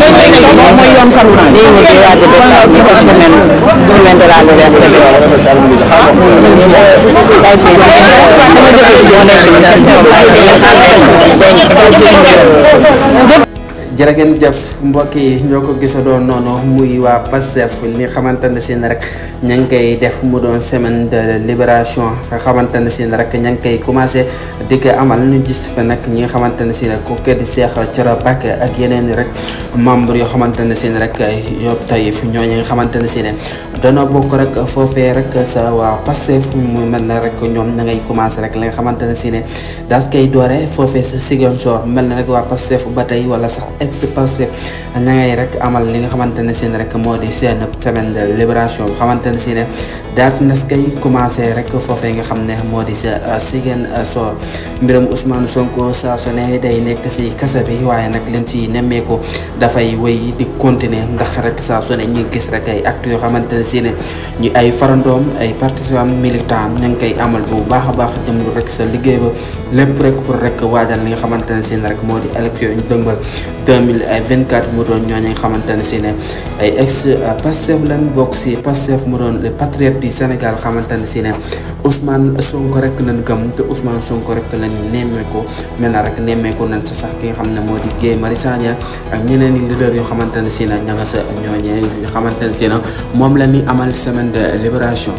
mooy yoon Karouna bi. lii ñu ngi waaj a def ak ñu ko semaine semaine de la Louga bi. ah. jërë jëf mbokk yi ñoo ko gisadoo noonu muy waa Pastef li xamante ne si rek ña ngi koy def mu doon semaine de libération nga xamante ne si rek ña ngi koy commencé di ko amal ñu gis fa nag ñi nga xamante ne si ne ku kër di Seex Coro ak yeneen rek membre yoo xamante ne si ne rek yob tayif ñoo ñi nga xamante ne si ne bokk rek foofee rek sa waa Pastef muy mel na rek ñoom na ngay commencé rek li nga xamante ne si ne daal koy doore foofee sa Ziguinchor mel na rek waa Pastef ba tey wala sax rek fi que ña ngay rek amal li nga xamante ne si ne rek moo di seen semaine de libération xamante ne si ne daal di nas kay rek foofee nga xam ne moo di sa sigeen euh, soor mbiram Ousmane Sonko saa su ne day nekk si kasa bi waaye nag leen ci nemmeeku dafay wéy di continuer ndax rek saa su ne ñu gis rek ay actes yoo xamante si ne ñu ay farandoom ay participants militants ñu ngi koy amal bu baax a baax jëmlu rek sa liggéey ba lépp rek pour rek waajal li nga xamante ne si ne rek moo di élection ñu dëngal 2024 mu doon ñooñu nga xamante ne si ne ay ex Pastef lan bokk si Pastef mu doon le du Sénégal xamante ne si ne Ousmane sonk rek lañ gëm te Ousmane Sonko rek lañ nemmeekoo maintenant rek nemmeeku nañ sa sax ki xam ne moo di Guy Marius Sagna ak ñeneen i leader yoo xamante ne si ne ña nga sa ñooñee xamante ne si ne moom la ñuy amal semaine de libération.